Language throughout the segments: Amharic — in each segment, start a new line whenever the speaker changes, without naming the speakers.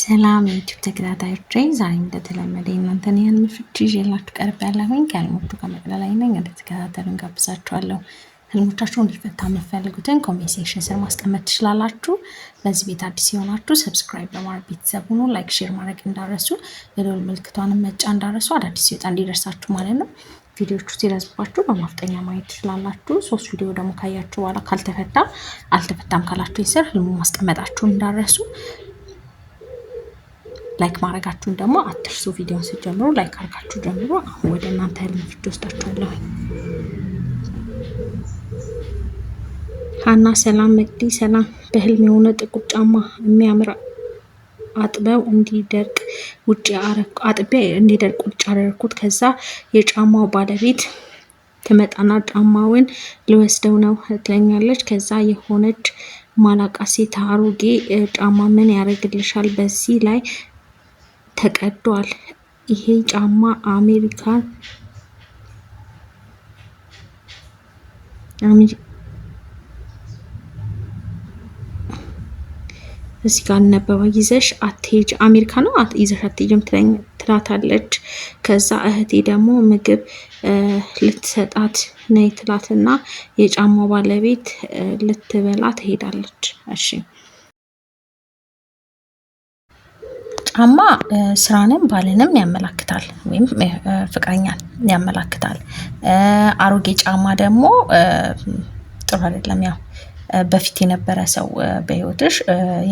ሰላም የዩቲዩብ ተከታታዮች ዛሬ እንደተለመደ የእናንተን የህልም ፍቺ ይዤላችሁ ቀርብ ያለሁኝ ከህልሞቹ ከመቅዳ ላይ ነኝ። እንደተከታተሉን ጋብዛችኋለሁ። ህልሞቻችሁ እንዲፈታ የምትፈልጉትን ኮሜንት ሴክሽን ስር ማስቀመጥ ትችላላችሁ። በዚህ ቤት አዲስ የሆናችሁ ሰብስክራይብ በማድረግ ቤተሰብ ሁኑ። ላይክ፣ ሼር ማድረግ እንዳረሱ፣ የደወል ምልክቷንም መጫ እንዳረሱ፣ አዳዲስ ሲወጣ እንዲደርሳችሁ ማለት ነው። ቪዲዮቹ ሲረዝባችሁ በማፍጠኛ ማየት ትችላላችሁ። ሶስት ቪዲዮ ደግሞ ካያችሁ በኋላ ካልተፈታ አልተፈታም ካላችሁ የስር ህልሙ ማስቀመጣችሁ እንዳረሱ ላይክ ማድረጋችሁን ደግሞ አትርሱ። ቪዲዮን ስጀምሩ ላይክ አድርጋችሁ ጀምሩ። አሁን ወደ እናንተ ህልም ፍቺ ወስዳችኋለሁ። ሀና ሰላም መቅዲ ሰላም። በህልም የሆነ ጥቁር ጫማ የሚያምር አጥበው እንዲደርቅ ውጭ አጥቢያ እንዲደርቅ ውጭ አደረግኩት። ከዛ የጫማው ባለቤት ትመጣና ጫማውን ልወስደው ነው ትለኛለች። ከዛ የሆነች ማላቃ ሴት አሮጌ ጫማ ምን ያደርግልሻል? በዚህ ላይ ተቀዷል። ይሄ ጫማ አሜሪካን እዚህ ጋር ነበባ ይዘሽ አትሄጅ አሜሪካ ነው ይዘሽ አትሄጅም ትላታለች። ከዛ እህቴ ደግሞ ምግብ ልትሰጣት ነይ ትላትና የጫማው ባለቤት ልትበላ ትሄዳለች። እሺ ጫማ ስራንም ባልንም ያመላክታል ወይም ፍቅረኛን ያመላክታል። አሮጌ ጫማ ደግሞ ጥሩ አይደለም። ያው በፊት የነበረ ሰው በህይወትሽ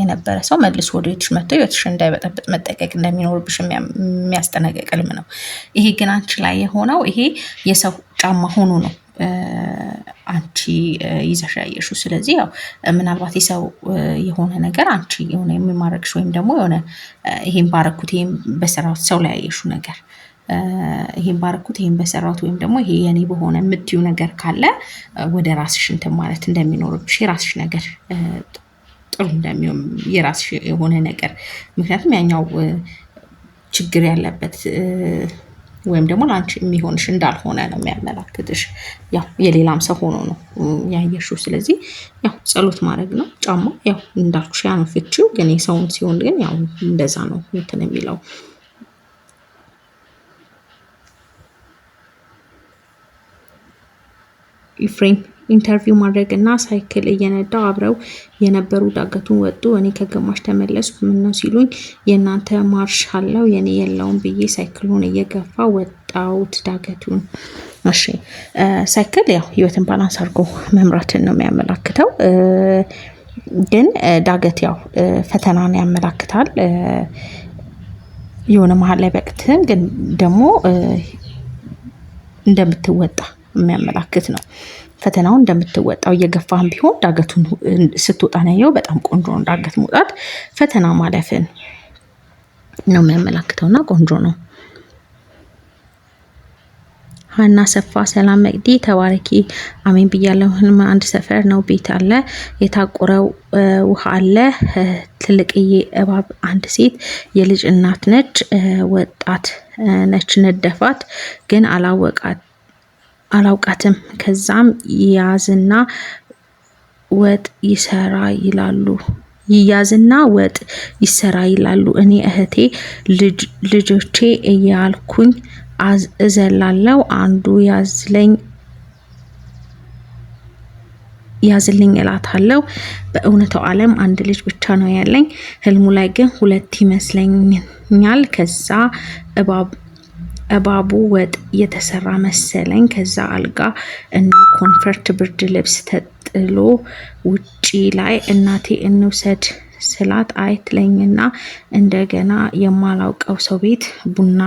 የነበረ ሰው መልሶ ወደ ቤትሽ መጥቶ ህይወትሽ እንዳይበጠብጥ መጠቀቅ እንደሚኖርብሽ የሚያስጠነቅቅ ህልም ነው። ይሄ ግን አንቺ ላይ የሆነው ይሄ የሰው ጫማ ሆኖ ነው አንቺ ይዘሽ ያየሽው። ስለዚህ ያው ምናልባት የሰው የሆነ ነገር አንቺ የሆነ የሚማረግሽ ወይም ደግሞ የሆነ ይሄን ባረኩት ይሄን በሰራሁት ሰው ላይ ያየሽው ነገር ይሄን ባረኩት ይሄን በሰራሁት ወይም ደግሞ ይሄ የኔ በሆነ የምትዩ ነገር ካለ ወደ ራስሽ እንትን ማለት እንደሚኖርብሽ የራስሽ ነገር ጥሩ እንደሚሆን የራስሽ የሆነ ነገር ምክንያቱም ያኛው ችግር ያለበት ወይም ደግሞ ለአንቺ የሚሆንሽ እንዳልሆነ ነው የሚያመላክትሽ። ያው የሌላም ሰው ሆኖ ነው ያየሽው። ስለዚህ ያው ጸሎት ማድረግ ነው። ጫማ ያው እንዳልኩሽ ያ ነው ፍቺው። ግን የሰውን ሲሆን ግን ያው እንደዛ ነው እንትን የሚለው ኤፍሬም ኢንተርቪው ማድረግ እና ሳይክል እየነዳው አብረው የነበሩ ዳገቱን ወጡ። እኔ ከግማሽ ተመለስኩ። ምነው ሲሉኝ የእናንተ ማርሽ አለው የኔ የለውም ብዬ ሳይክሉን እየገፋ ወጣውት ዳገቱን። እሺ ሳይክል ያው ህይወትን ባላንስ አድርጎ መምራትን ነው የሚያመላክተው። ግን ዳገት ያው ፈተናን ያመላክታል። የሆነ መሀል ላይ በቅትህም ግን ደግሞ እንደምትወጣ የሚያመላክት ነው። ፈተናውን እንደምትወጣው እየገፋህም ቢሆን ዳገቱን ስትወጣ ያየው በጣም ቆንጆ ነው። ዳገት መውጣት ፈተና ማለፍን ነው የሚያመላክተውና ቆንጆ ነው። ሀና ሰፋ ሰላም መቅዲ ተባረኪ አሜን ብያለሁ። አንድ ሰፈር ነው ቤት አለ፣ የታቆረው ውሃ አለ፣ ትልቅዬ እባብ፣ አንድ ሴት የልጅ እናት ነች፣ ወጣት ነች። ነደፋት ግን አላወቃት አላውቃትም ከዛም ይያዝና ወጥ ይሰራ ይላሉ ይያዝና ወጥ ይሰራ ይላሉ። እኔ እህቴ ልጆቼ እያልኩኝ እዘላለው። አንዱ ያዝለኝ ያዝልኝ እላታለሁ። በእውነተው ዓለም አንድ ልጅ ብቻ ነው ያለኝ። ህልሙ ላይ ግን ሁለት ይመስለኛል። ከዛ እባብ እባቡ ወጥ የተሰራ መሰለኝ። ከዛ አልጋ እና ኮንፈርት ብርድ ልብስ ተጥሎ ውጪ ላይ እናቴ እንውሰድ ስላት አይትለኝና እንደገና የማላውቀው ሰው ቤት ቡና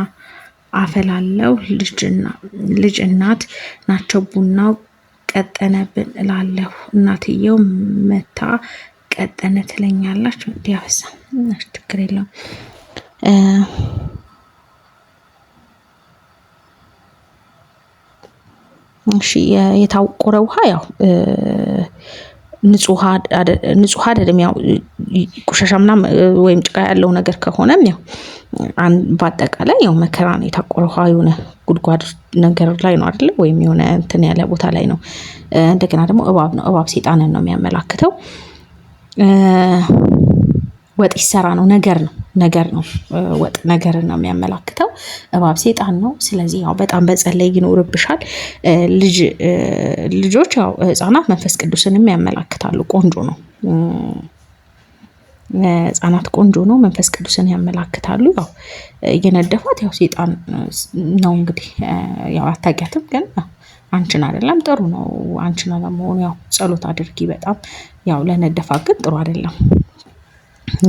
አፈላለው። ልጅ እናት ናቸው። ቡናው ቀጠነብን እላለሁ። እናትየው መታ ቀጠነ ትለኛላችሁ። እንዲያፈሳ ችግር የለውም። እሺ የታቆረ ውሃ ያው ንጹህ ንጹህ አይደለም ያው ቆሻሻ ምናምን ወይም ጭቃ ያለው ነገር ከሆነም ያው በአጠቃላይ ያው መከራ ነው የታቆረ ውሃ የሆነ ጉድጓድ ነገር ላይ ነው አይደለ ወይም የሆነ እንትን ያለ ቦታ ላይ ነው። እንደገና ደግሞ እባብ ነው እባብ ሴጣንን ነው የሚያመላክተው። ወጥ ይሰራ ነው ነገር ነው ነገር ነው ወጥ ነገርን ነው የሚያመላክተው። እባብ ሴጣን ነው። ስለዚህ ያው በጣም በጸለይ ይኖርብሻል። ልጆች ያው ህጻናት መንፈስ ቅዱስንም ያመላክታሉ። ቆንጆ ነው። ህጻናት ቆንጆ ነው። መንፈስ ቅዱስን ያመላክታሉ። ያው እየነደፋት ያው ሴጣን ነው እንግዲህ ያው አታውቂያትም፣ ግን አንቺን አይደለም ጥሩ ነው። አንቺን አለመሆኑ ያው ጸሎት አድርጊ በጣም ያው ለነደፋ ግን ጥሩ አይደለም።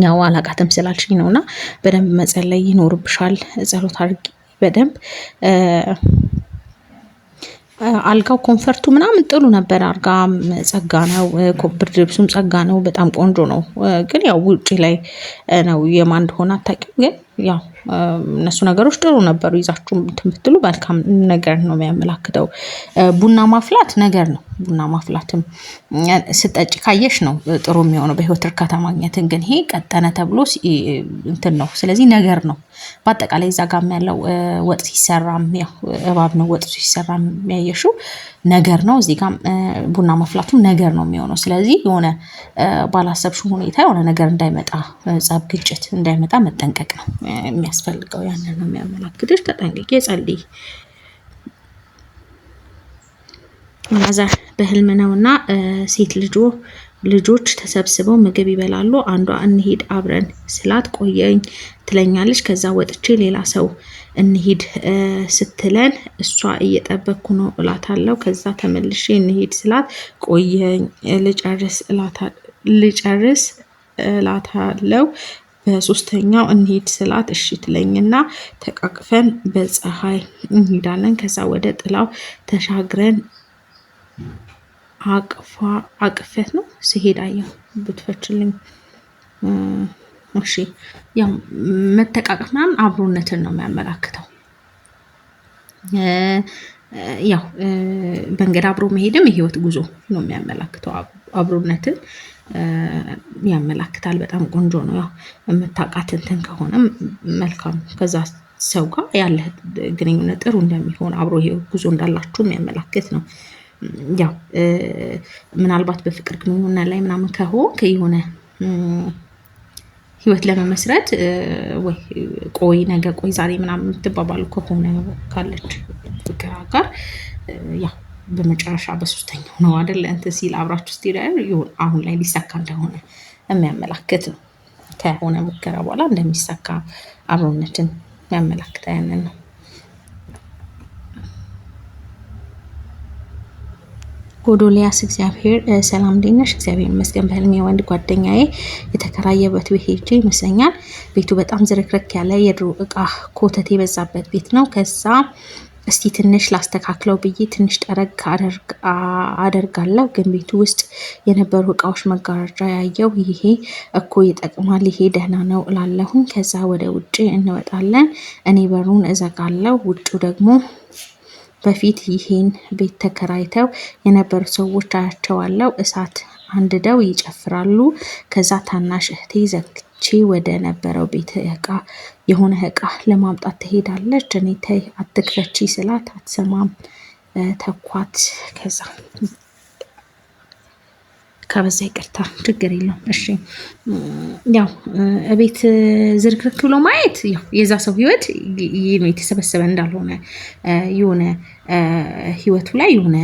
ያው አላቃትም ስላልሽኝ ነው እና በደንብ መጸለይ ይኖርብሻል። ጸሎት አድርጊ በደንብ አልጋው ኮንፈርቱ ምናምን ጥሉ ነበር። አልጋ ጸጋ ነው፣ ብርድ ልብሱም ጸጋ ነው። በጣም ቆንጆ ነው። ግን ያው ውጪ ላይ ነው የማን እንደሆነ አታውቂም ግን ያው እነሱ ነገሮች ጥሩ ነበሩ። ይዛችሁ ብትሉ መልካም ነገር ነው የሚያመላክተው። ቡና ማፍላት ነገር ነው። ቡና ማፍላትም ስጠጭ ካየሽ ነው ጥሩ የሚሆነው በህይወት እርካታ ማግኘትን። ግን ይሄ ቀጠነ ተብሎ እንትን ነው። ስለዚህ ነገር ነው። በአጠቃላይ እዛ ጋም ያለው ወጥ ሲሰራ እባብ ነው። ወጥ ሲሰራ የሚያየሽው ነገር ነው። እዚህ ጋም ቡና ማፍላቱም ነገር ነው የሚሆነው። ስለዚህ የሆነ ባላሰብሽ ሁኔታ የሆነ ነገር እንዳይመጣ፣ ጸብ፣ ግጭት እንዳይመጣ መጠንቀቅ ነው የሚያስፈልገው። ያንን ነው የሚያመላክትሽ። ተጠንቅቄ ጸልይ ያዛ በህልም ነው እና ሴት ልጆ ልጆች ተሰብስበው ምግብ ይበላሉ። አንዷ እንሂድ አብረን ስላት ቆየኝ ትለኛለች። ከዛ ወጥቼ ሌላ ሰው እንሂድ ስትለን እሷ እየጠበቅኩ ነው እላታለሁ። ከዛ ተመልሼ እንሂድ ስላት ቆየኝ ልጨርስ እላታለሁ። በሶስተኛው እንሂድ ስላት እሺ ትለኝና ተቃቅፈን በፀሐይ እንሄዳለን። ከዛ ወደ ጥላው ተሻግረን አቅፋ አቅፈት ነው ሲሄድ አየሁ ብትፈችልኝ። እሺ ያው መተቃቀፍ ምናምን አብሮነትን ነው የሚያመላክተው። ያው መንገድ አብሮ መሄድም የህይወት ጉዞ ነው የሚያመላክተው። አብሮነትን ያመላክታል። በጣም ቆንጆ ነው። ያው የምታውቃት እንትን ከሆነ መልካም፣ ከዛ ሰው ጋር ያለህ ግንኙነት ጥሩ እንደሚሆን አብሮ ህይወት ጉዞ እንዳላችሁ የሚያመላክት ነው። ያው ምናልባት በፍቅር ግንኙና ላይ ምናምን ከሆንክ የሆነ ህይወት ለመመስረት ወይ ቆይ ነገ ቆይ ዛሬ ምናምን የምትባባሉ ከሆነ ካለች ፍቅር ጋር ያው በመጨረሻ በሶስተኛው ነው አደለ እንትን ሲል አብራችሁ ስትሄዳ ይሁን አሁን ላይ ሊሳካ እንደሆነ የሚያመላክት ነው። ከሆነ ሙከራ በኋላ እንደሚሳካ አብሮነትን የሚያመላክት ያንን ነው። ጎዶልያስ እግዚአብሔር ሰላም እንዴት እግዚአብሔር ይመስገን። በህልሜ የወንድ ጓደኛዬ የተከራየበት ቤት ሄጄ ይመስለኛል። ቤቱ በጣም ዝርክርክ ያለ የድሮ እቃ ኮተት የበዛበት ቤት ነው። ከዛ እስቲ ትንሽ ላስተካክለው ብዬ ትንሽ ጠረግ አደርጋለሁ፣ ግን ቤቱ ውስጥ የነበሩ እቃዎች መጋረጃ ያየው ይሄ እኮ ይጠቅማል፣ ይሄ ደህና ነው እላለሁኝ። ከዛ ወደ ውጭ እንወጣለን። እኔ በሩን እዘጋለሁ። ውጩ ደግሞ በፊት ይሄን ቤት ተከራይተው የነበሩ ሰዎች አያቸዋለሁ እሳት አንድደው ይጨፍራሉ። ከዛ ታናሽ እህቴ ዘግቼ ወደ ነበረው ቤት እቃ የሆነ እቃ ለማምጣት ትሄዳለች። እኔ ተይ አትክፈቺ ስላት አትሰማም ተኳት። ከዛ ከበዛ ይቅርታ፣ ችግር የለውም። እሺ ያው እቤት ዝርክርክ ብሎ ማየት የዛ ሰው ህይወት የተሰበሰበ እንዳልሆነ የሆነ ህይወቱ ላይ የሆነ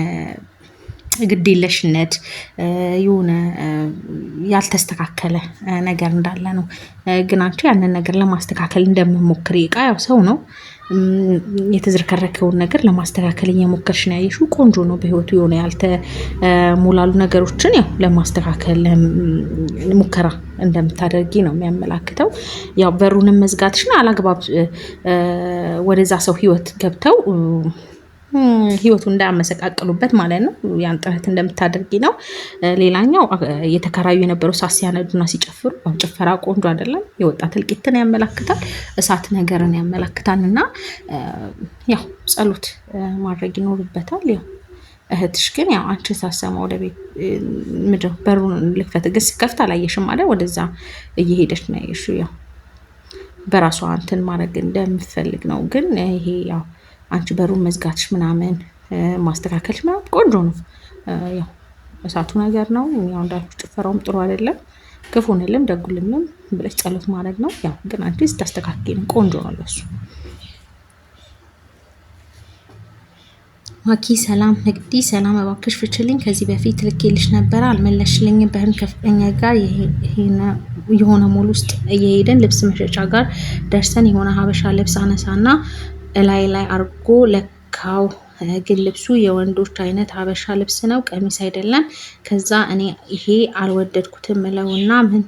ግዴለሽነት የሆነ ያልተስተካከለ ነገር እንዳለ ነው። ግን አንቺ ያንን ነገር ለማስተካከል እንደምሞክር ይቃ ያው ሰው ነው የተዝረከረከውን ነገር ለማስተካከል እየሞከርሽ ነው ያየሽው። ቆንጆ ነው። በህይወቱ የሆነ ያልተሞላሉ ነገሮችን ያው ለማስተካከል ሙከራ እንደምታደርጊ ነው የሚያመላክተው። ያው በሩንም መዝጋትሽን አላግባብ ወደዛ ሰው ህይወት ገብተው ህይወቱ እንዳመሰቃቅሉበት ማለት ነው። ያን ጥረት እንደምታደርጊ ነው። ሌላኛው የተከራዩ የነበረው እሳት ሲያነዱና ሲጨፍሩ ጭፈራ ቆንጆ አይደለም። የወጣት እልቂትን ያመላክታል፣ እሳት ነገርን ያመላክታል። እና ያው ጸሎት ማድረግ ይኖርበታል። ያው እህትሽ ግን ያው አንቺ ሳሰማ ወደ ቤት ምድር በሩን ልክፈት ግስ ከፍት አላየሽም አለ ወደዛ እየሄደች ነው ያየሽው። ያው በራሷ እንትን ማድረግ እንደምትፈልግ ነው። ግን ይሄ ያው አንቺ በሩን መዝጋትሽ ምናምን ማስተካከልሽ ምናምን ቆንጆ ነው። ያው እሳቱ ነገር ነው። ያው እንዳልኩ ጭፈራውም ጥሩ አይደለም። ክፉንልም ደጉልምም ብለሽ ጸሎት ማድረግ ነው። ያው ግን አንቺ ስታስተካክል ቆንጆ ነው ለሱ ማኪ ሰላም ንግዲ ሰላም፣ እባክሽ ፍችልኝ። ከዚህ በፊት ልኬልሽ ነበረ አልመለሽልኝም። በህን ከፍቅረኛ ጋር የሆነ ሞል ውስጥ እየሄድን ልብስ መሸጫ ጋር ደርሰን የሆነ ሀበሻ ልብስ አነሳና እላይ ላይ አርጎ ለካው ግን ልብሱ የወንዶች አይነት ሀበሻ ልብስ ነው፣ ቀሚስ አይደለም። ከዛ እኔ ይሄ አልወደድኩትም እለውና ምን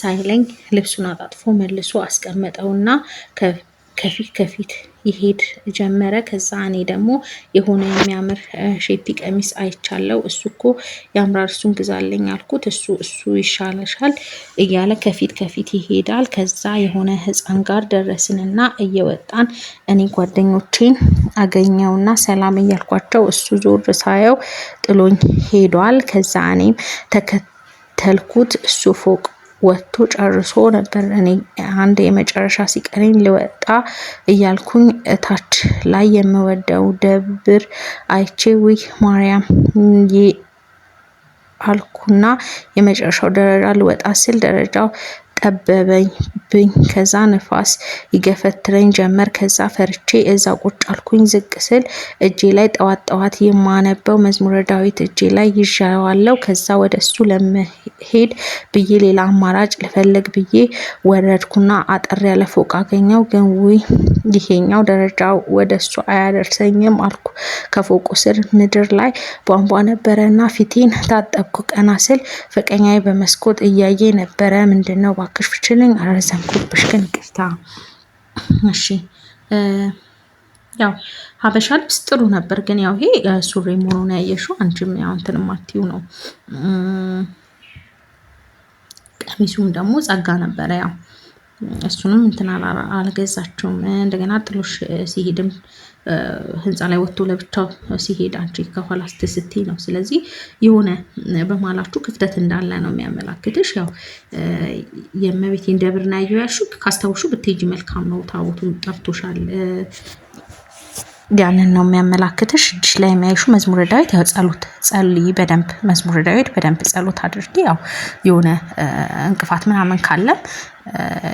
ሳይለኝ ልብሱን አጣጥፎ መልሶ አስቀመጠውና ከፊት ከፊት ይሄድ ጀመረ። ከዛ እኔ ደግሞ የሆነ የሚያምር ሼፒ ቀሚስ አይቻለው። እሱ እኮ ያምራር እሱን ግዛለኝ አልኩት። እሱ እሱ ይሻለሻል እያለ ከፊት ከፊት ይሄዳል። ከዛ የሆነ ህፃን ጋር ደረስንና እየወጣን እኔ ጓደኞቼን አገኘውና ሰላም እያልኳቸው እሱ ዞር ሳየው ጥሎኝ ሄዷል። ከዛ እኔም ተከተልኩት እሱ ፎቅ ወጥቶ ጨርሶ ነበር። እኔ አንድ የመጨረሻ ሲቀረኝ ልወጣ እያልኩኝ እታች ላይ የምወደው ደብር አይቼ ውይ ማርያም አልኩና የመጨረሻው ደረጃ ልወጣ ስል ደረጃው ከበበኝ ብኝ ከዛ ንፋስ ይገፈትረኝ ጀመር። ከዛ ፈርቼ እዛ ቁጭ አልኩኝ። ዝቅ ስል እጄ ላይ ጠዋት ጠዋት የማነበው መዝሙረ ዳዊት እጄ ላይ ይዣዋለው። ከዛ ወደ እሱ ለመሄድ ብዬ ሌላ አማራጭ ልፈልግ ብዬ ወረድኩና አጠር ያለ ፎቅ አገኘው። ግን ውይ ይሄኛው ደረጃ ወደ እሱ አያደርሰኝም አልኩ። ከፎቁ ስር ምድር ላይ ቧንቧ ነበረና ፊቴን ታጠብኩ። ቀና ስል ፍቅኛዬ በመስኮት እያየ ነበረ። ምንድነው እባክሽ ፍችልኝ። አልረዘምኩብሽ ግን ይቅርታ። እሺ ያው ሀበሻ ልብስ ጥሩ ነበር፣ ግን ያው ይሄ ሱሪ መሆኑን ያየሽው አንቺም ያው እንትን ማትይው ነው። ቀሚሱም ደግሞ ጸጋ ነበረ ያው እሱንም እንትን አልገዛችውም። እንደገና ጥሎሽ ሲሄድም ህንፃ ላይ ወጥቶ ለብቻው ሲሄድ አንቺ ከኋላ ስትስቲ ነው። ስለዚህ የሆነ በማላችሁ ክፍተት እንዳለ ነው የሚያመላክትሽ። ያው የእመቤቴ እንደብር ናየው ያሹ ካስታውሹ ብትሄጂ መልካም ነው። ታቦቱን ጠፍቶሻል ያንን ነው የሚያመላክትሽ። እጅሽ ላይ የሚያይሹ መዝሙረ ዳዊት ያው ጸሎት ጸልይ፣ በደንብ መዝሙረ ዳዊት በደንብ ጸሎት አድርጊ። ያው የሆነ እንቅፋት ምናምን ካለም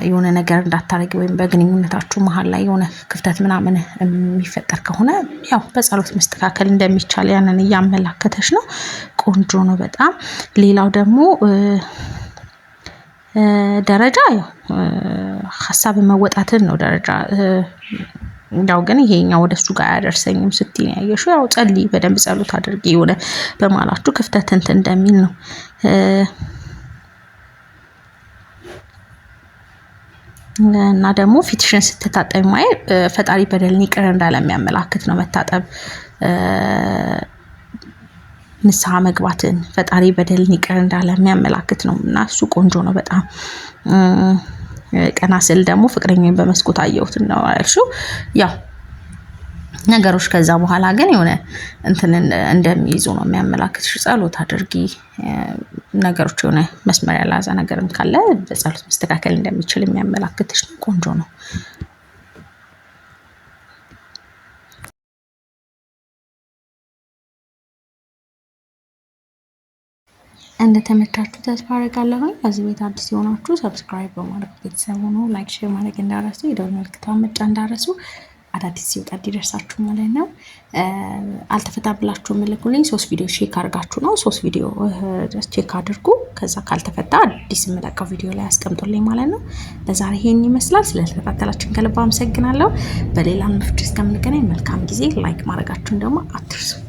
የሆነ ነገር እንዳታረጊ ወይም በግንኙነታችሁ መሀል ላይ የሆነ ክፍተት ምናምን የሚፈጠር ከሆነ ያው በጸሎት መስተካከል እንደሚቻል ያንን እያመላከተሽ ነው። ቆንጆ ነው በጣም። ሌላው ደግሞ ደረጃ ያው ሀሳብን መወጣትን ነው ደረጃ ያው ግን ይሄኛው ወደሱ ጋር አያደርሰኝም ስትይ ያየሹ ያው ጸልይ፣ በደንብ ጸሎት አድርጊ። የሆነ በማላችሁ ክፍተት እንትን እንደሚል ነው። እና ደግሞ ፊትሽን ስትታጠብ ማየት ፈጣሪ በደልን ይቅር እንዳለ የሚያመላክት ነው። መታጠብ ንስሐ መግባትን ፈጣሪ በደልን ይቅር እንዳለ የሚያመላክት ነው እና እሱ ቆንጆ ነው በጣም ቀና ስል ደግሞ ፍቅረኛ በመስኮት አየሁት ነው ያልሽው። ያው ነገሮች ከዛ በኋላ ግን የሆነ እንትን እንደሚይዙ ነው የሚያመላክትሽ። ጸሎት አድርጊ። ነገሮች የሆነ መስመር ያልያዘ ነገርም ካለ በጸሎት መስተካከል እንደሚችል የሚያመላክትሽ ነው። ቆንጆ ነው። እንደተመቻችሁ ተስፋ አደርጋለሁ። በዚህ ቤት አዲስ የሆናችሁ ሰብስክራይብ በማድረግ ቤተሰብ ሆኖ ላይክ፣ ሼር ማድረግ እንዳረሱ የደወል መልክቷ መጫ እንዳረሱ አዳዲስ ሲወጣ እንዲደርሳችሁ ማለት ነው። አልተፈታብላችሁ የምልኩልኝ ሶስት ቪዲዮ ቼክ አድርጋችሁ ነው። ሶስት ቪዲዮ ቼክ አድርጉ። ከዛ ካልተፈታ አዲስ የምለቀው ቪዲዮ ላይ አስቀምጦልኝ ማለት ነው። ለዛሬ ይሄን ይመስላል። ስለተከታተላችን ከልባ አመሰግናለሁ። በሌላ ምፍች እስከምንገናኝ መልካም ጊዜ። ላይክ ማድረጋችሁን ደግሞ አትርሱ።